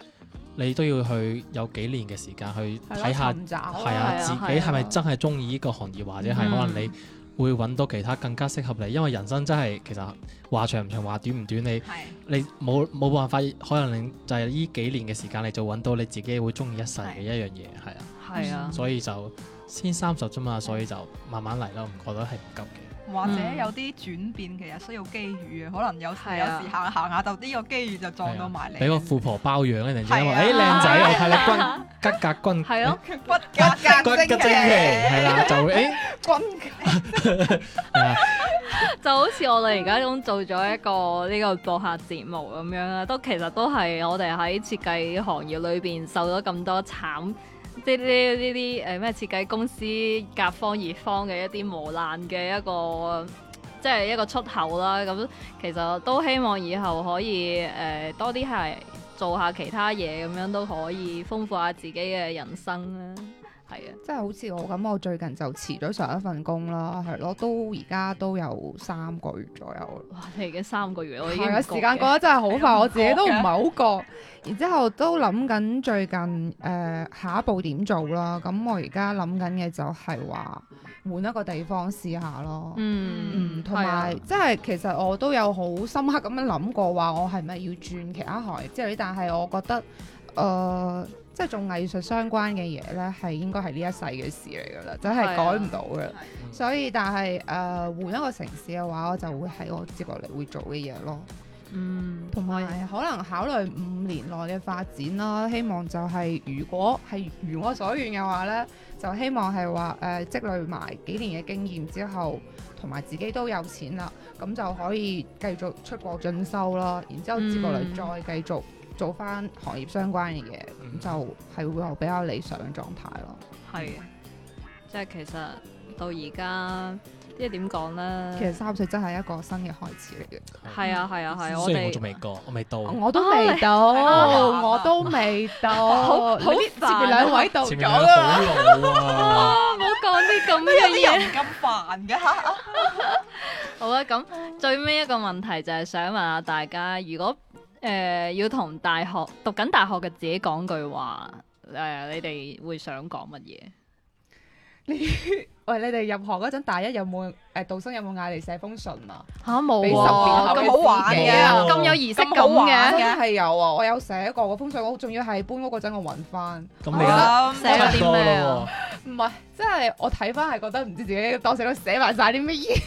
你都要去有幾年嘅時間去睇下，係啊，自己係咪真係中意呢個行業，或者係可能你會揾到其他更加適合你。因為人生真係其實話長唔長，話短唔短，你的你冇冇辦法，可能你就係呢幾年嘅時間，你就揾到你自己會中意一世嘅一樣嘢，係啊。係啊的，的所以就先三十啫嘛，所以就慢慢嚟咯，我唔覺得係唔急嘅。或者有啲轉變，其實需要機遇啊，可能有時有時行行下就呢個機遇就撞到埋嚟。俾、啊、個富婆包養人哋話，靚、欸、仔，哎靚仔，係啦，骨格君，係咯， 骨格正奇，係啦，就會哎，骨，就好似我哋而家咁做咗一個呢個播客節目咁樣啦，都其實都係我哋喺設計行業裏邊受咗咁多慘。即呢呢啲誒咩設計公司甲方乙方嘅一啲磨難嘅一個，即係一個出口啦。咁其實都希望以後可以誒多啲係做下其他嘢，咁樣都可以豐富下自己嘅人生啦。係啊，即係好似我咁，我最近就辭咗上一份工啦，係咯，都而家都有三個月左右哇！你已經三個月，我而家時間過得真係好快，的我自己都唔係 好覺。然之後都諗緊最近誒、呃、下一步點做啦。咁我而家諗緊嘅就係話換一個地方試下咯。嗯嗯，同埋即係其實我都有好深刻咁樣諗過話我係咪要轉其他行，即係但係我覺得誒。呃即係做藝術相關嘅嘢呢，係應該係呢一世嘅事嚟㗎啦，真係改唔到嘅。啊啊、所以但係誒、呃、換一個城市嘅話，我就會喺我接落嚟會做嘅嘢咯。嗯，同埋有、嗯、可能考慮五年內嘅發展啦，希望就係、係、如果係如我所願嘅話呢，就希望係話誒積累埋幾年嘅經驗之後，同埋自己都有錢啦，咁就可以繼續出國進修啦。然之後接落嚟再繼續、嗯。做翻行業相關嘅嘢，就係會比較理想嘅狀態咯。係，即係其實到而家，即係點講咧？其實三十歲真係一個新嘅開始嚟嘅。係啊，係啊，係啊，我哋仲未過，我未到，我都未到，我都未到。好，前面兩位到咗啦。唔好講啲咁嘅嘢。咩咁煩噶？好啊，咁最尾一個問題就係想問下大家，如果。誒、呃，要同大學讀緊大學嘅自己講句話，誒、呃，你哋會想講乜嘢？你。喂，你哋入學嗰陣大一有冇誒導生有冇嗌你寫封信啊？吓，冇啊！咁、啊、好玩嘅，咁有儀式感嘅。真係有啊！我有寫過個封信，我仲要係搬屋嗰陣我揾翻。咁你寫咗啲咩啊？唔係，即係我睇翻係覺得唔知自己當時都寫埋晒啲乜嘢。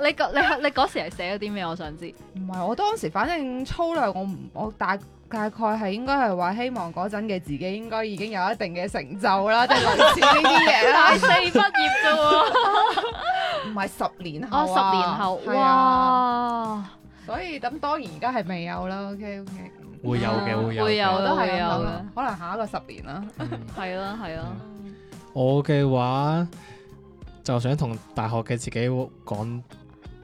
你你你嗰時係寫咗啲咩？我想知。唔係，我當時反正粗略我，我唔我大。大概係應該係話，希望嗰陣嘅自己應該已經有一定嘅成就啦，即係類似呢啲嘢啦。大四畢業啫喎、啊，唔 係十年後、啊啊、十年後，哇！啊、所以咁當然而家係未有啦。OK，OK，、okay, okay、會有嘅，會有嘅，啊、會有,會有都係是有嘅，可能下一個十年啦。係咯， 係咯。我嘅話就想同大學嘅自己講，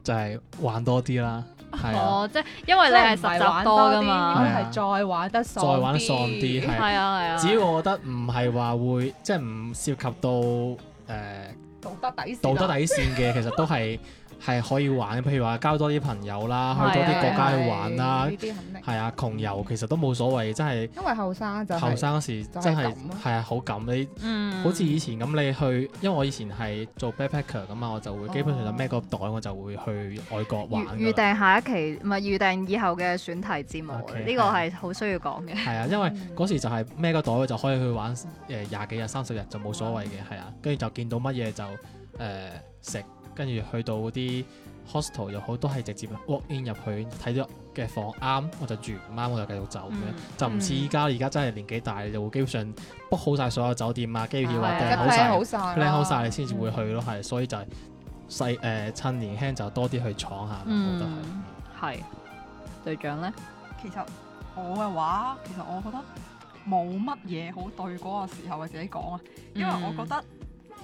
就係玩多啲啦。 s ta s 啊、哦，即係因為你係實習多噶嘛，係、啊、再玩得爽啲，係啊係啊，只要、啊、我覺得唔係話會，即係唔涉及到誒道德底線道、啊、德底線嘅，其實都係。 係可以玩，譬如話交多啲朋友啦，去多啲國家去玩啦，係啊，窮遊其實都冇所謂，真係。因為後生就後生嗰時真係係啊，好敢你，好似以前咁你去，因為我以前係做 backpacker 咁嘛，我就會基本上就孭個袋我就會去外國玩。預預定下一期唔係預定以後嘅選題節目，呢個係好需要講嘅。係啊，因為嗰時就係孭個袋就可以去玩，誒廿幾日、三十日就冇所謂嘅，係啊，跟住就見到乜嘢就誒食。跟住去到啲 hostel 又好，都係直接 walk in 入去睇咗嘅房，啱我就住，唔啱我就繼續走咁樣，嗯、就唔似依家，而家、嗯、真係年紀大就基本上 book 好晒所有酒店啊，機票訂好晒，靚的好晒的好你先至會去咯，係、嗯，所以就係細誒，趁年輕就多啲去闖下，嗯、我覺得係。係、嗯，隊長咧，其實我嘅話，其實我覺得冇乜嘢好對嗰個時候自己講啊，因為我覺得、嗯。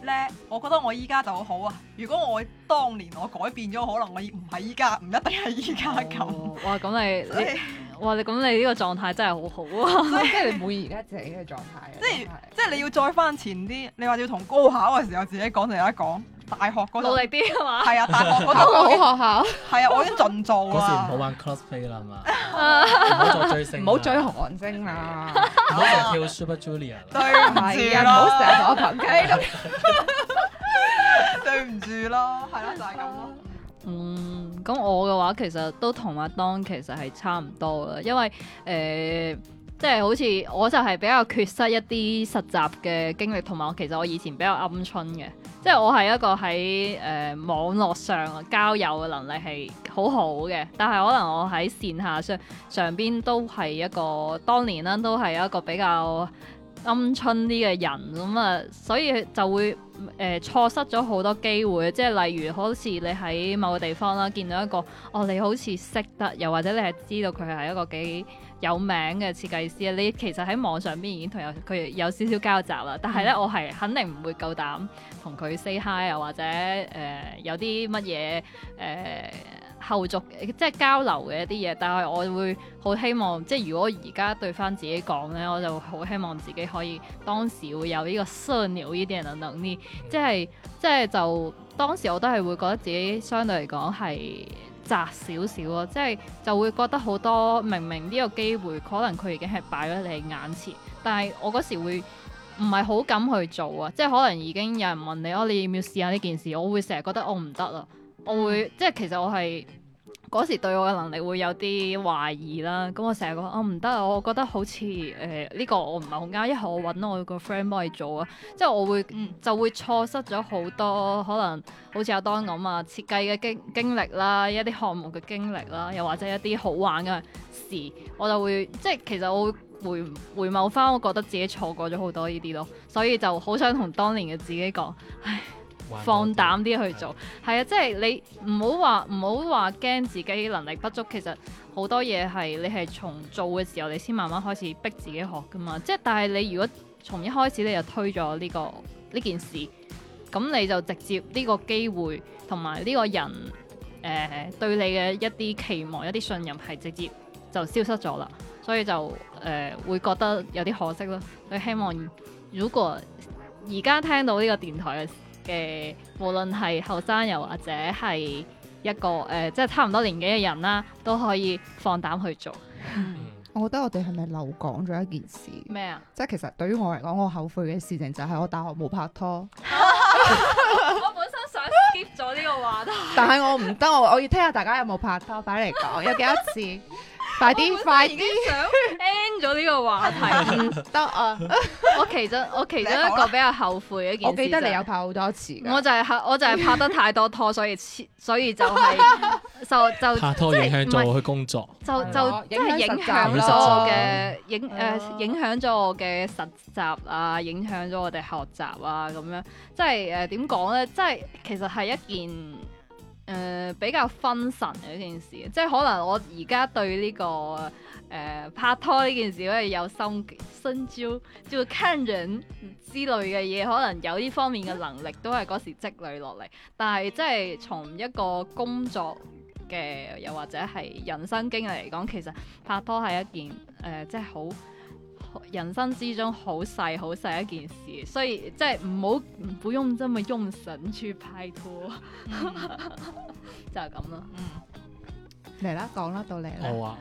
咧，我覺得我依家就好好啊！如果我當年我改變咗，可能我唔係依家，唔一定係依家咁。哇！咁你，以你，哇！你咁你呢個狀態真係好好啊以 即！即係你唔會而家自己嘅狀態。即係即係你要再翻前啲，你話要同高考嘅時候自己講有日講。大學努力啲係嘛？係啊，大學嗰度 個好學校。係 啊，我已經盡做啦。嗰時唔好玩 close play 啦，係嘛？唔好、 啊、追星，唔好追韓星啦。唔好成日跳 Super Junior。對唔住，唔好成日坐棚機咯。對唔住咯，係咯，就係咁咯。嗯，咁我嘅話其實都同阿當其實係差唔多啦，因為誒。呃即係好似我就係比較缺失一啲實習嘅經歷，同埋我其實我以前比較鵪鶉嘅，即係我係一個喺誒、呃、網絡上交友嘅能力係好好嘅，但係可能我喺線下上上邊都係一個當年啦，都係一個比較鵪鶉啲嘅人咁啊，所以就會誒、呃、錯失咗好多機會，即係例如好似你喺某個地方啦見到一個，哦，你好似識得，又或者你係知道佢係一個幾有名嘅設計師啊，你其實喺網上邊已經同有佢有少少交集啦，但係咧、嗯、我係肯定唔會夠膽同佢 say hi，又或者誒、呃、有啲乜嘢誒後續即係交流嘅一啲嘢，但係我會好希望，即係如果而家對返自己講咧，我就好希望自己可以當時會有呢個 Sunny 呢啲嘅能力，即係即係就當時我都係會覺得自己相對嚟講係。窄少少咯，即係就會覺得好多明明呢個機會，可能佢已經係擺喺你眼前，但係我嗰時會唔係好敢去做啊！即係可能已經有人問你，哦你要唔要試下呢件事？我會成日覺得我唔得啊！我會即係其實我係。嗰時對我嘅能力會有啲懷疑啦，咁我成日講啊唔得，我覺得好似誒呢個我唔係好啱，因為我揾我個 friend 幫你做啊，即係我會、嗯、就會錯失咗好多可能好似阿當咁啊設計嘅經經歷啦，一啲項目嘅經歷啦，又或者一啲好玩嘅事，我就會即係其實我回回眸翻，我覺得自己錯過咗好多呢啲咯，所以就好想同當年嘅自己講，唉。放膽啲去做係啊對！即係你唔好話唔好話驚自己能力不足。其實好多嘢係你係從做嘅時候，你先慢慢開始逼自己學噶嘛。即係但係你如果從一開始你就推咗呢、呢個呢件事，咁你就直接呢個機會同埋呢個人誒、呃、對你嘅一啲期望、一啲信任係直接就消失咗啦。所以就誒、呃、會覺得有啲可惜咯。所以希望如果而家聽到呢個電台嘅嘅，無論係後生又或者係一個誒、呃，即係差唔多年紀嘅人啦，都可以放膽去做。 我覺得我哋係咪漏講咗一件事？咩啊麼？即係其實對於我嚟講，我後悔嘅事情就係我大學冇拍拖。我本身想 skip 咗呢個話題， 但係我唔得，我我要聽下大家有冇拍拖，快嚟講，有幾多次？ 快啲，快啲！已經想 end 咗呢個話題。得啊，我其實我其中一個比較後悔一件事，我記得你有拍好多次我、就是。我就係我，就係拍得太多拖， 所以所以就係、是、 就就拍拖影響咗我去工作，就就影響我 影響咗嘅影誒影響咗我嘅實習啊，影響咗我哋學習啊咁樣，即係誒點講咧？即係其實係一件。誒、呃、比較分神嘅一件事，即係可能我而家對呢、呢個誒、呃、拍拖呢件事，因為有心新招叫 c a n o 之類嘅嘢，可能有呢方面嘅能力，都係嗰時積累落嚟。但係即係從一個工作嘅，又或者係人生經歷嚟講，其實拍拖係一件誒，即係好。人生之中好細好細一件事，所以即係唔好唔不用咁樣用神去拍拖，就係咁咯。嚟啦，講啦，到你啦。冇啊，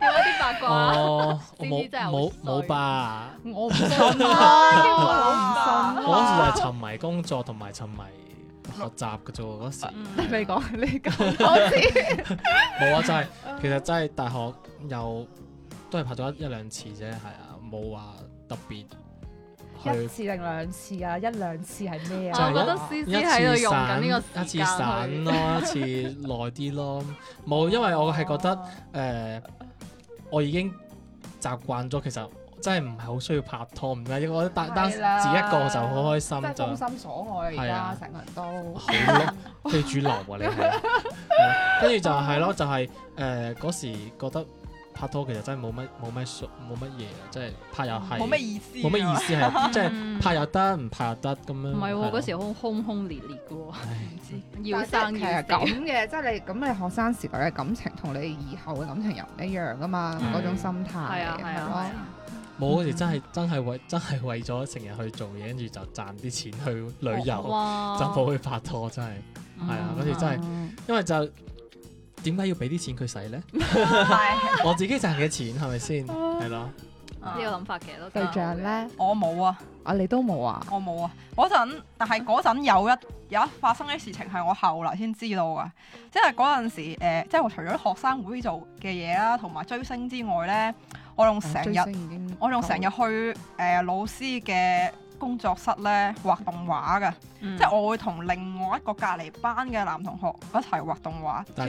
講啲八卦。哦，冇冇冇吧。我唔信啊，我唔信。嗰時係沉迷工作同埋沉迷學習嘅啫，嗰時。你未講，你講。我知。冇啊，就係其實真係大學又。都係拍咗一一兩次啫，係啊，冇話特別一次定兩次啊，一兩次係咩啊？我覺得思思喺度用緊呢個一次散咯，一次耐啲咯，冇，因為我係覺得誒，我已經習慣咗，其實真係唔係好需要拍拖，唔係我得，單單只一個就好開心，就心所愛而家成個人都好，最主流啊你，跟住就係咯，就係誒嗰時覺得。拍拖其實真係冇乜冇乜冇乜嘢啊！即係拍又係冇咩意思，冇咩意思係即係拍又得唔拍又得咁樣。唔係喎，嗰時好轟轟烈烈嘅喎。要生嘅。係咁嘅即係你咁你學生時代嘅感情同你以後嘅感情又唔一樣噶嘛？嗰種心態。係啊係啊。冇嗰時真係真係為真係為咗成日去做嘢，跟住就賺啲錢去旅遊，就冇去拍拖。真係係啊！嗰時真係因為就。點解要俾啲錢佢使咧？ 我自己賺嘅錢係咪先？係咯， 呢個諗法其實都對象呢。仲有咧，我冇啊，阿你都冇啊，我冇啊。嗰陣、啊，但係嗰陣有一有一發生嘅事情係我後來先知道噶。即係嗰陣時，誒、呃，即係我除咗學生會做嘅嘢啦，同埋追星之外咧，我用成日，我用成日去誒、呃、老師嘅。工作室咧畫動畫嘅，嗯、即係我會同另外一個隔離班嘅男同學一齊畫動畫，身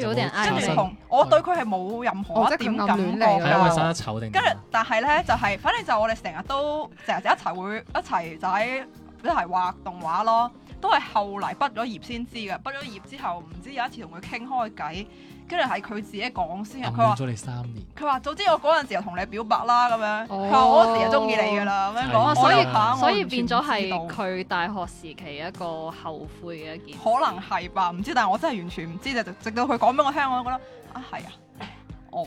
跟住同、嗯、我對佢係冇任何、哦、一點感覺嘅。因為生得醜。跟住，哦、但係咧就係、是，反正就我哋成日都成日一齊會一齊就喺一齊畫動畫咯。都係後嚟畢咗業先知嘅，畢咗業之後唔知有一次同佢傾開偈。跟住係佢自己講先，佢話：咗你三年，佢話早知我嗰陣時又同你表白啦，咁樣，佢嗰時就中意你噶啦。咁樣講，所以所以變咗係佢大學時期一個後悔嘅一件。可能係吧，唔知，但係我真係完全唔知，就直到佢講俾我聽，我覺得啊，係啊，哦。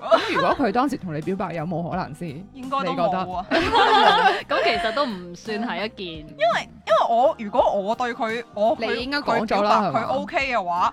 咁如果佢當時同你表白，有冇可能先？應該都冇啊。咁其實都唔算係一件，因為因為我如果我對佢，我你應該講咗啦，佢 OK 嘅話。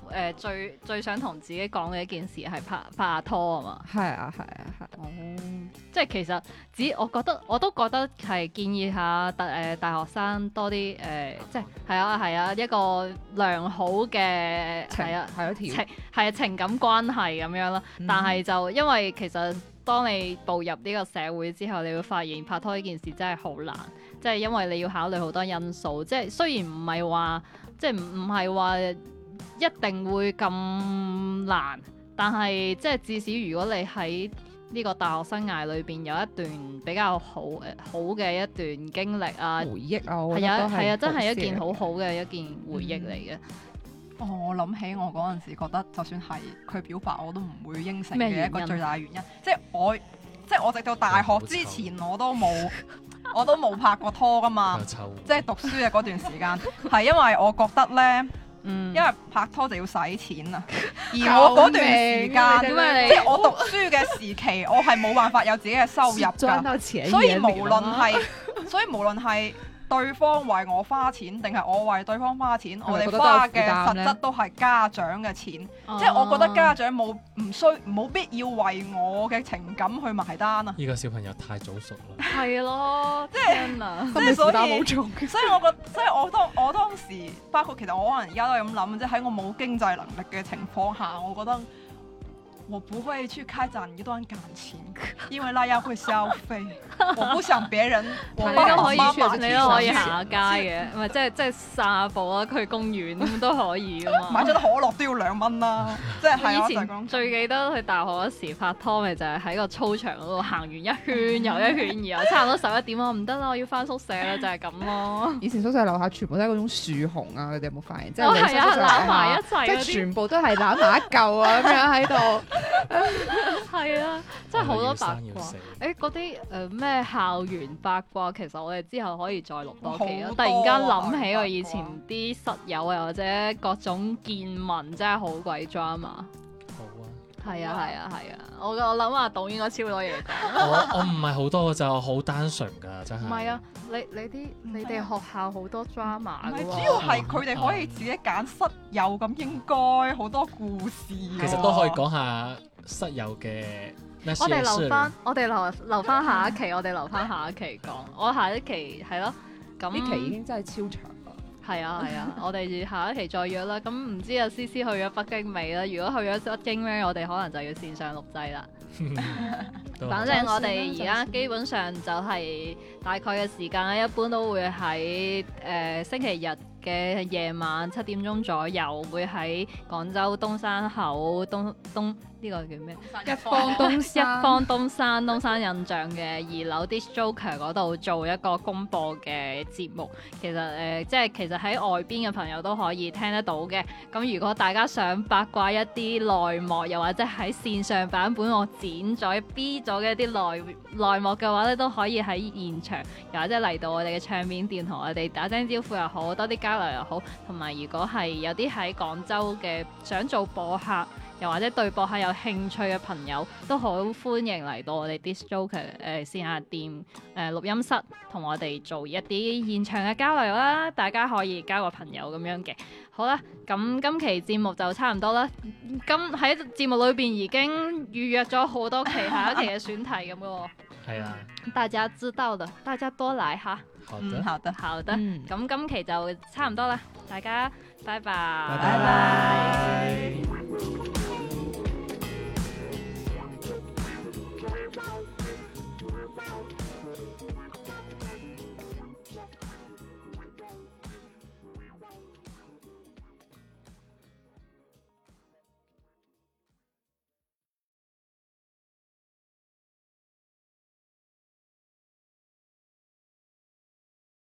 誒、呃、最最想同自己講嘅一件事係拍拍拖啊嘛，係啊係啊係，即係其實只我覺得我都覺得係建議下大誒、呃、大學生多啲誒，即係係啊係啊一個良好嘅係啊係啊，條、啊、情、啊、情感關係咁樣咯。嗯、但係就因為其實當你步入呢個社會之後，你會發現拍拖呢件事真係好難，即、就、係、是、因為你要考慮好多因素，即、就、係、是、雖然唔係話即係唔唔係話。就是一定會咁難，但係即係至少如果你喺呢個大學生涯裏邊有一段比較好嘅好嘅一段經歷啊，回憶啊，係啊係啊，真係一件好好嘅一件回憶嚟嘅、嗯。我諗起我嗰陣時覺得，就算係佢表白我都唔會應承嘅一個最大原因，原因即係我即係我直到大學之前我都冇我， 我都冇拍過拖噶嘛，即係讀書嘅嗰段時間，係 因為我覺得咧。嗯，因為拍拖就要使錢啊， 而我嗰段時間，即係 我讀書嘅時期， 我係冇辦法有自己嘅收入㗎， 所以無論係， 所以無論係， 對方為我花錢定係我為對方花錢？我哋花嘅實質都係家長嘅錢，啊、即係我覺得家長冇唔需冇必要為我嘅情感去埋單啊！呢個小朋友太早熟啦，係咯，即係即係所以所以， 所以所以我覺得所以我當我當時包括其實我可能而家都係咁諗，即係喺我冇經濟能力嘅情況下，我覺得。我不會去開展一段感情，因為那樣會消費。我不想別人。都可以你都可以行下街嘅。唔係即係即係散步啊，去公園都可以噶嘛，買咗啲可樂都要兩蚊啦，即係。以前最記得去大學嗰時拍拖咪就係喺個操場嗰度行完一圈又一圈，然後差唔多十一點啊，唔得啦，我要翻宿舍啦，就係咁咯。以前宿舍樓下全部都係嗰種樹熊啊，你哋有冇發現？即係攬埋一齊，即係全部都係攬埋一嚿啊咁樣喺度。係啊， 真係好多八卦。誒，嗰啲誒咩校園八卦，其實我哋之後可以再錄多期咯。啊、突然間諗起我以前啲室友啊，或者各種見聞，真係好鬼 drama。係啊係啊係啊，啊！我我諗阿董應該超多嘢講。 我唔係好多，就好單純㗎真係。唔係啊，你你啲你哋學校好多 drama，啊。唔係，主要係佢哋可以自己揀室友咁，應該好多故事，啊嗯。其實都可以講下室友嘅。我哋留翻，我哋留留翻下一期，我哋留翻下一期講。我下一期係咯，咁呢期已經真係超長。係 啊係啊，我哋下一期再約啦。咁唔知阿詩詩去咗北京未啦？如果去咗北京咧，我哋可能就要線上錄製啦。 反正我哋而家基本上就係大概嘅時間咧，一般都會喺誒、呃、星期日嘅夜晚七點鐘左右，會喺廣州東山口東東。東呢個叫咩？一方東山， 一方東山、東山印象嘅二樓啲 Dish Joker 嗰度做一個公播嘅節目，其實誒、呃，即係其實喺外邊嘅朋友都可以聽得到嘅。咁如果大家想八卦一啲內幕，又或者喺線上版本我剪咗、B 咗嘅一啲內內幕嘅話咧，都可以喺現場，又或者嚟到我哋嘅唱片店同我哋打聲招呼又好，多啲交流又好。同埋如果係有啲喺廣州嘅想做播客。又或者對播客有興趣嘅朋友，都好歡迎嚟到我哋 Distroker 誒、呃、線下店誒錄音室，同我哋做一啲現場嘅交流啦。大家可以交個朋友咁樣嘅。好啦，咁今期節目就差唔多啦。咁喺節目裏邊已經預約咗好多期下一期嘅選題咁喎。係啊。大家知道啦，大家多嚟嚇的、嗯。好的，好的，好的、嗯。咁今期就差唔多啦，大家拜拜。拜拜。